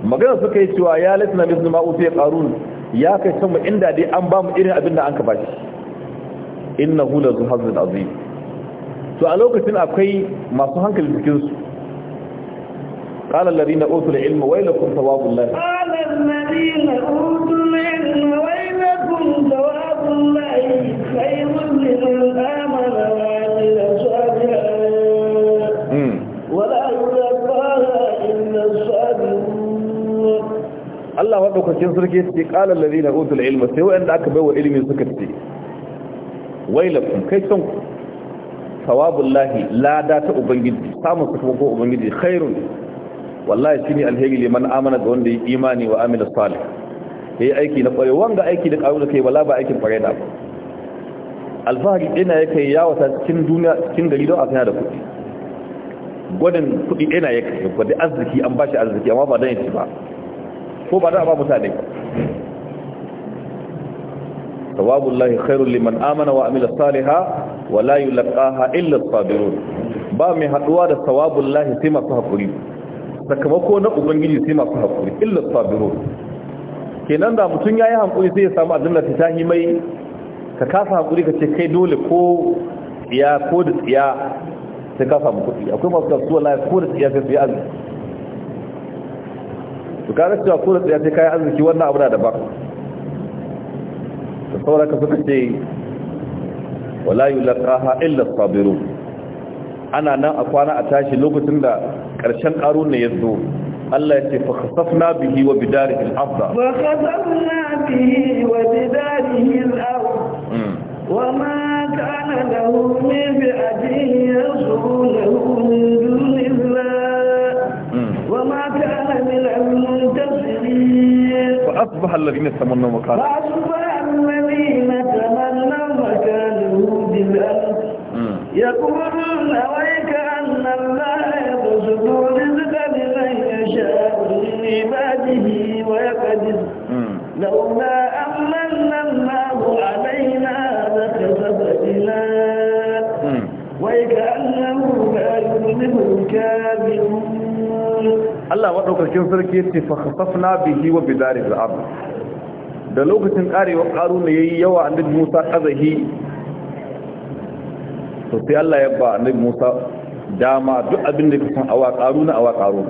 magana suka yi cewa ya latina mislu ma ufi qarun ya kai sun mu inda dai an ba mu irin abin da an ka bashi innahu la zuhazun azim to a lokacin akwai masu hankali cikin قال الذين اوتوا العلم ويلكم ثواب الله قال الذين اوتوا العلم ويلكم ثواب الله خير للامر Allah wadaukakin sarki ce qala allazina utul ilma sai wanda aka baiwa ilimi suka ce wailakum kai san ku thawabullahi la ta ubangiji samu su ubangiji khairun wallahi shine alheri liman amana da wanda ya imani wa amila salih yayi aiki na kware wanga aiki da karu da kai wala ba aikin kware da ba alfahari ina yake yawo ta cikin duniya cikin gari don a tsaya da kuɗi gwadin kuɗi ina yake gwadin arziki an bashi arziki amma ba dan yace ba ko ba da ba mutane ba tawabullahi khairul liman amana wa amila Saliha wa la yulqaha illa as-sabirun ba mai haduwa da tawabullahi sai masu hakuri sakamako na ubangiji sai masu haƙuri illa sabiru kenan da mutum ya yi haƙuri sai ya samu aljanna ta tahi mai ka kasa haƙuri ka ce kai dole ko ya ko da tsiya sai ka samu kuɗi akwai masu kasuwa na ko da tsiya sai su yi arziki su kare cewa ko da tsiya sai ka yi arziki wannan abu na daban da sauraka suka ce wala yulaqaha illa sabirun ana nan a kwana a tashi lokacin da karshen ƙarun ne ya zo Allah ya ce fa khasafna bihi wa bidarihi al-ardh wa khasafna bihi wa bidarihi al-ardh wa ma kana lahu min bi'adihi yansuruhu min dunillah wa ma kana min al-muntasirin fa asbaha alladhina tamannaw makana fa asbaha alladhina tamannaw makanahu bil-ardh yaquluna يبدو رزقا لمن يشاء من عباده ويقدر لولا أمن الله علينا لخسف بنا وكأنه لا يفلح الكافرون الله maɗaukakin sarki ya ce fakasafna bihi wa bidari al'ab da lokacin karewa karuna yayi yawa annabi Musa kazahi to sai Allah ya ba annabi Musa dama duk abin da kasan san awa ƙaru na awa ƙaru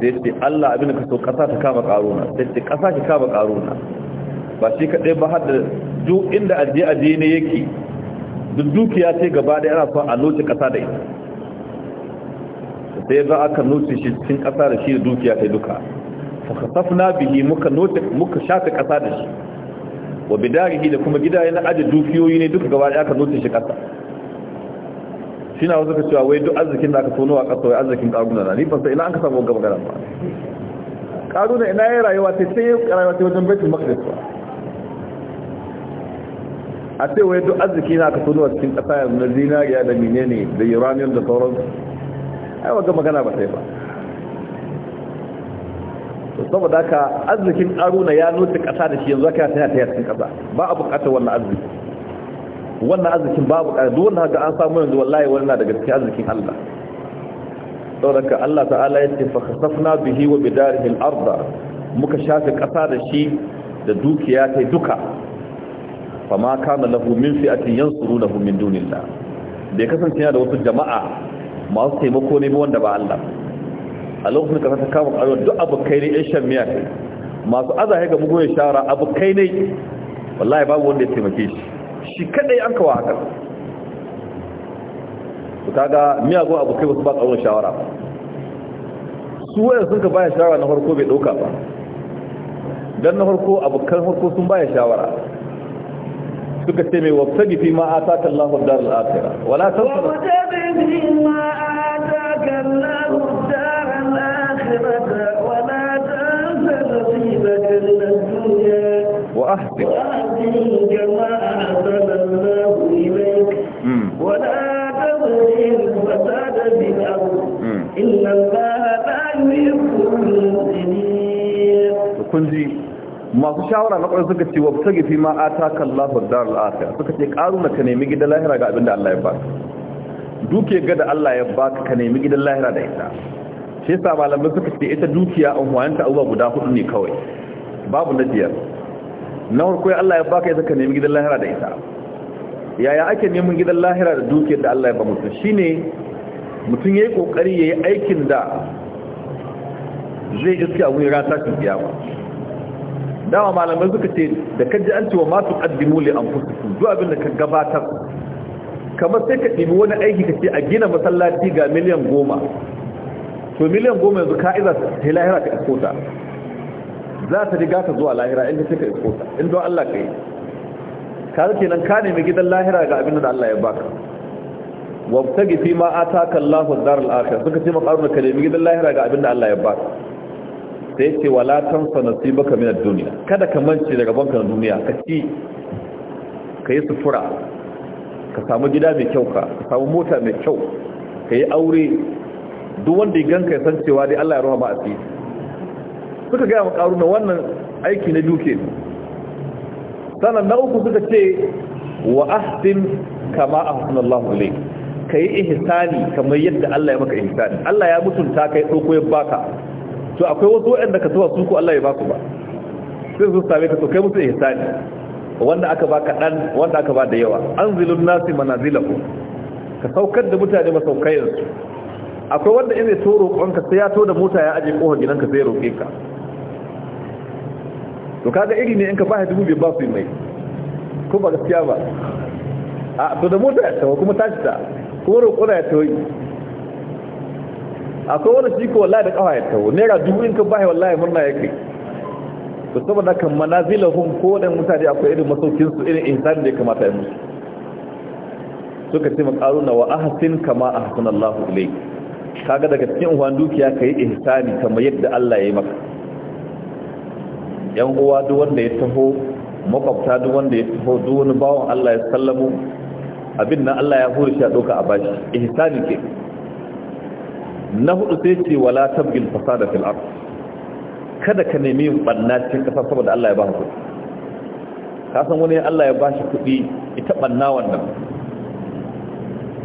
sai ce Allah abin da kaso kasa ƙasa ta kama ƙaru na sai ce ƙasa ta kama ƙaru na ba shi kaɗai ba har da duk inda ajiye ajiye ne yake duk dukiya ce gaba da yana son a loce ƙasa da ita sai za a kan loce shi cikin ƙasa da shi da dukiya ta duka fa kasafna bihi muka noce muka shafe ƙasa da shi wa bidari da kuma gidaye na ajiye dukiyoyi ne duka gaba da aka noce shi ƙasa shi na wasu ka cewa wai duk arzikin da aka tono a ƙasa wai arzikin ƙaruna na nifan sai ina an ka samu gaba gara ba ƙaruna ina ya rayuwa ta sai rayuwa ta wajen baitul maqdis a ce wai duk arziki na aka tono a cikin ƙasa yanzu na zinariya da menene da uranium da sauran ai wanda magana ba sai ba to saboda ka arzikin ƙaruna ya nuce ƙasa da shi yanzu ka yi ta yi cikin ƙasa ba a buƙatar wannan arziki wannan arzikin babu ƙarfi duk wanda haka an samu yanzu wallahi wannan daga cikin arzikin Allah saboda Allah ta'ala ya ce fa bihi wa bidarihi al-ardh muka shafe ƙasa da shi da dukiya kai duka fama kana lahu min fi'atin yansurunahu min dunillah bai kasance yana da wasu jama'a masu taimako ne wanda ba Allah a lokacin da ta kama ƙarfi duk abokai ne ɗan shan miya masu azahe ga mugoyin shara abokai ne wallahi babu wanda ya taimake shi shi kadai an kawo haka su kaga miyagun abokai wasu ba tsawon shawara ba su wayar sun ka baya shawara na harko bai dauka ba don na harko abokan harko sun baya shawara suka ce mai wabtabi fi ma a taka Allah wadda al'akira wala ta wa ahsin إن masu shawara na ƙwarar suka ce wa tage fi ma takan lafar dar al suka ce ƙaru na ka nemi gidan lahira ga abinda Allah ya baka duke ga da Allah ya baka ka nemi gidan lahira da ita shi yasa malamai suka ce ita dukiya an wayanta abubuwa guda hudu ne kawai babu na biyar na farko ya Allah ya baka ita ka nemi gidan lahira da ita yaya ake neman gidan lahira da dukiyar da Allah ya ba mutum shine mutum ya yi ƙoƙari ya yi aikin da zai iske abin ya rata biya ba. dama malamai suka ce da kaji an cewa masu ƙaddimu le an fusuku duk abin da ka gabatar kamar sai ka ɗibi wani aiki ka ce a gina masallaci ga miliyan goma to miliyan goma yanzu ka'iza ta yi lahira ka iskota za ta riga ka zuwa lahira inda sai ka iskota inda Allah ka yi ka zake nan ka nemi gidan lahira ga abin da Allah ya baka wabtagi fi ma ataka Allahu ad-darul akhir suka ce maka ka nemi gidan lahira ga abinda Allah ya ba sai ce wala tansa nasibaka min ad-dunya kada ka mance daga banka na duniya ka ci ka yi sufura ka samu gida mai kyau ka samu mota mai kyau ka yi aure duk wanda ya ganka ya san cewa dai Allah ya rahama asiri suka ga maka na wannan aiki na duke sannan na uku suka ce wa ahsin kama ahsanallahu alayhi ka yi ihsani kamar yadda Allah ya maka ihsani Allah ya mutunta kai ɗauko ya baka to akwai wasu waɗanda ka tuwa su ko Allah ya baku ba sai su same ka to kai musu ihsani wanda aka ba kaɗan wanda aka ba da yawa an zilun nasi manazilahu ka saukar da mutane masaukayensu akwai wanda in zai to roƙonka sai ya to da mota ya aje ƙofar gidanka sai ya roƙe ka to kaga iri ne in ka bashi dubu bai ba su yi mai ko ba gaskiya ba a to da mota ya tawa kuma tashi ta ko rukuna ya tawo akwai wani shi ko wallahi da kawai ya tawo naira dubu in ka bayi wallahi murna ya kai to saboda kan manazilahum ko dan mutane akwai irin masaukin su irin insan da ya kamata ya musu suka ce makaruna wa ahsin kama allah ilayk kaga daga cikin uwan dukiya kai insani kamar yadda Allah ya yi maka yan uwa duk wanda ya taho makwabta duk wanda ya taho duk wani bawon Allah ya sallamu. abin nan Allah ya hore shi a doka a bashi ihsani ke na hudu sai ce wala tabgil fasada fil ard kada ka nemi banna cikin kasa saboda Allah ya ba ku ka san wani Allah ya bashi kuɗi ita banna wannan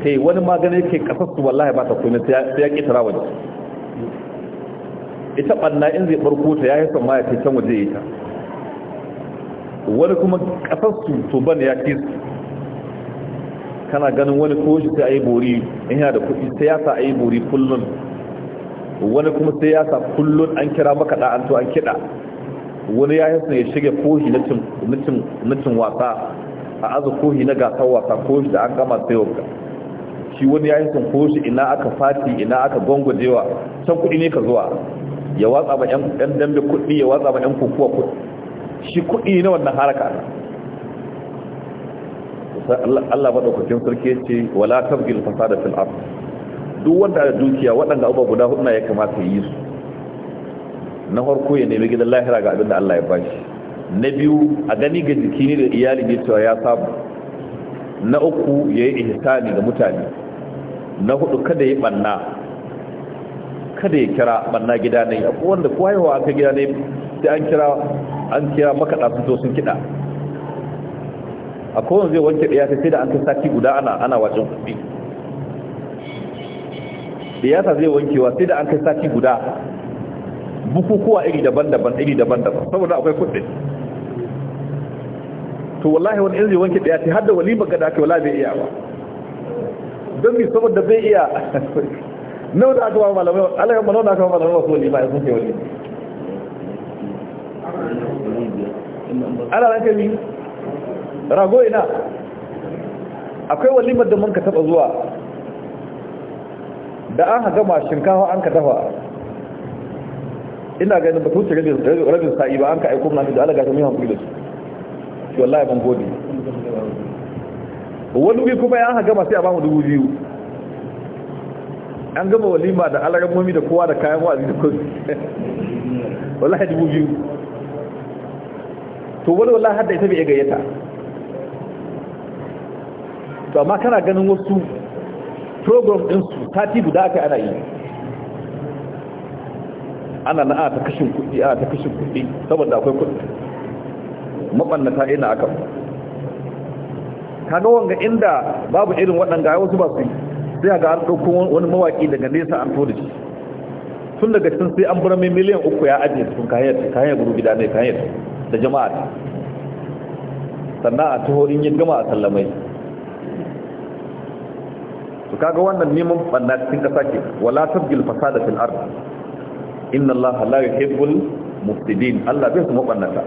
kai wani magana yake kasa su wallahi ba ta komai sai ya kitara waje ita banna in zai barko ta yayi son ma ya kai can waje ita wani kuma kasar su to ban ya kisa kana ganin wani ko shi sai a yi bori in yana da kuɗi sai ya sa a yi bori kullum wani kuma sai ya sa kullum an kira maka da an to an kiɗa wani ya yi yasa ya shige kohi na cin wasa a aza kohi na gasar wasa kohi da an gama sai wanka shi wani ya yi yasa kohi ina aka fati ina aka gwangwajewa can kuɗi ne ka zuwa ya watsa ba 'yan dambe kuɗi ya watsa ba 'yan kokuwa kuɗi shi kuɗi ne wannan haraka Allah madaukakin sarki yace wala tabgil fasada fil ard duk wanda da dukiya waɗanda abubuwa guda hudu ya kamata yi su na farko ya nemi gidan lahira ga abin da Allah ya bashi na biyu a gani ga jiki ne da iyali ne cewa ya samu na uku ya yi ihsani ga mutane na hudu kada ya banna kada ya kira banna gida ne akwai wanda kowa yawa aka gida ne sai an kira an kira makaɗa sun zo sun kiɗa a kowane zai wanke ɗaya sai da an kai sati guda ana ana wajen kuɗi ɗiyasa zai wankewa sai da an kai sati guda bukukuwa iri daban-daban iri daban-daban saboda akwai kuɗi to wallahi wani yanzu wanke ɗaya ta har da walimar da ake wala bai iya ba don bi saboda bai iya nau da aka ba malamai alayyar manau da aka ba malamai wasu ba ya sunke ke walima ana ranke ne rago ina akwai walimar da mun ka taba zuwa da an gama shinkawa an ka dafa ina ganin ba tuce rabin sa'i ba an ka aiko mana da alaga ta miyan kudi da su shi wallahi ban gode wani wuri kuma ya gama sai a bamu dubu biyu an gama walima da alarammomi da kowa da kayan wa'azi da kudu wallahi dubu biyu to wani wallahi hadda ita bai gayyata to amma kana ganin wasu program din su sati guda aka ana yi ana na ta kashin kuɗi a ta kashin kuɗi saboda akwai kuɗi mabannata ina aka kaga wanga inda babu irin waɗanda ya wasu ba su sai ga an ɗauko wani mawaƙi daga nesa an tori shi tun daga cikin sai an burame miliyan uku ya ajiye cikin kayan kayan guru gida ne kayan da jama'a sannan a taho in gama a sallamai to kaga wannan neman banna cikin kasa ke wala tabgil fasada fil ard inna allaha la yuhibbul mufsidin Allah bai san ka.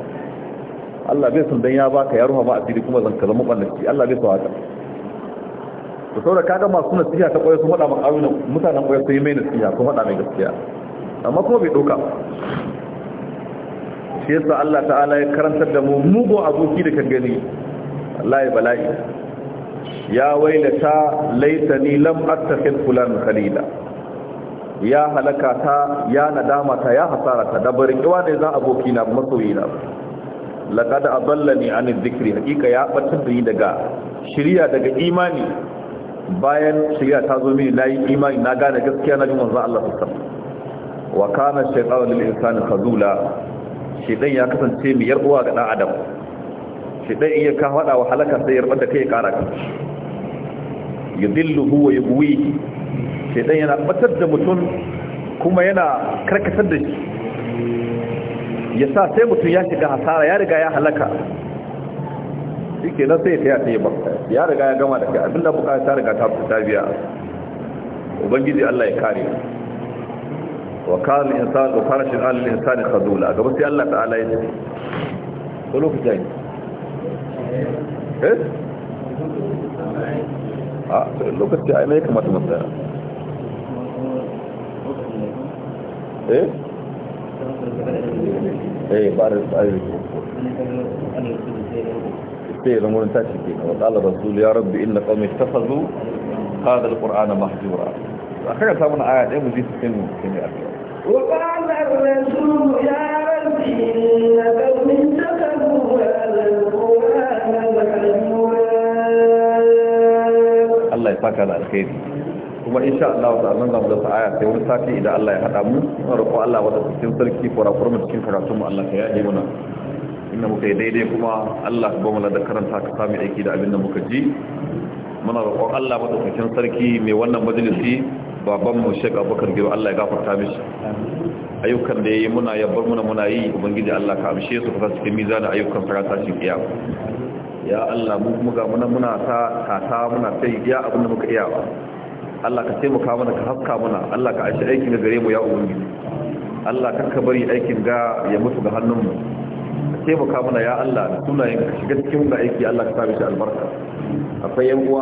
Allah bai san dan ya baka ya ruha ma asiri kuma zan zama zama ki Allah bai san haka to saboda kaga masu nasiha ta koyo su fada maka ayyukan mutanen koyo sun yi mai nasiha sun fada mai gaskiya amma kuma bai doka shi yasa Allah ta'ala ya karantar da mu mugo aboki da kan gani wallahi bala'i ya wailata laitani lam attakhid fulan khalila ya halaka ta ya nadama ta ya hasara ta da bari kiwa ne za aboki na masoyi na laqad adallani an dhikri hakika ya batar da ni daga shiriya daga imani bayan shiriya ta zo mini nayi imani na gane gaskiya na jin manzo Allah sallallahu alaihi wasallam wa kana shaytanu lil insani khazula shedan ya kasance mai yarbuwa ga dan adam shedan iya ka hada wa halaka sai yarbar da kai kara kai ya wa sai dan yana batar da mutum kuma yana karkatar da shi ya sa sai mutum ya shiga hasara ya riga ya halaka ke nan sai ta yi ba ya riga ya gama da kai abinda buka ta riga ta fita biya ubangiji Allah ya kare wa kana insani wa kana shin alil insani khazula gaba sai Allah ta'ala ya ce ko lokacin eh اللغة التعينة كما تمثل ايه ايه بارس بارس بارس بارس بارس بارس وقال الرسول يا رب إن قوم اتفذوا هذا القرآن محجورا أخيرا سابنا آيات ايه, إيه مزيد سكين وقال الرسول يا رب إن قوم اتفذوا saka da alkhairi kuma insha Allah ta nan zamu da aya sai wani sati idan Allah ya hada mu Mun roƙo Allah wata cikin sarki fara kurmu cikin karatu mu Allah ka yaje mana inna muka yi daidai kuma Allah ba mu da karanta ka sami aiki da abin da muka ji muna roƙo Allah madaukakin sarki mai wannan majalisi baban mu Sheikh Abubakar Giro Allah ya gafarta mishi ayyukan da yayi muna yabbar muna muna yi ubangiji Allah ka amshe su ka cikin mizanin ayyukan fara cikin kiyama ya Allah mu ga muna muna ta tata muna ta iya abin da muka iya ba Allah ka taimaka mana ka haska Muna Allah ka aishi aikin da gare mu ya ubangiji Allah kar ka bari aikin ga ya mutu ga hannun mu taimaka mana ya Allah sunayen ka shiga cikin da aiki Allah ka sa mishi albarka akwai yan uwa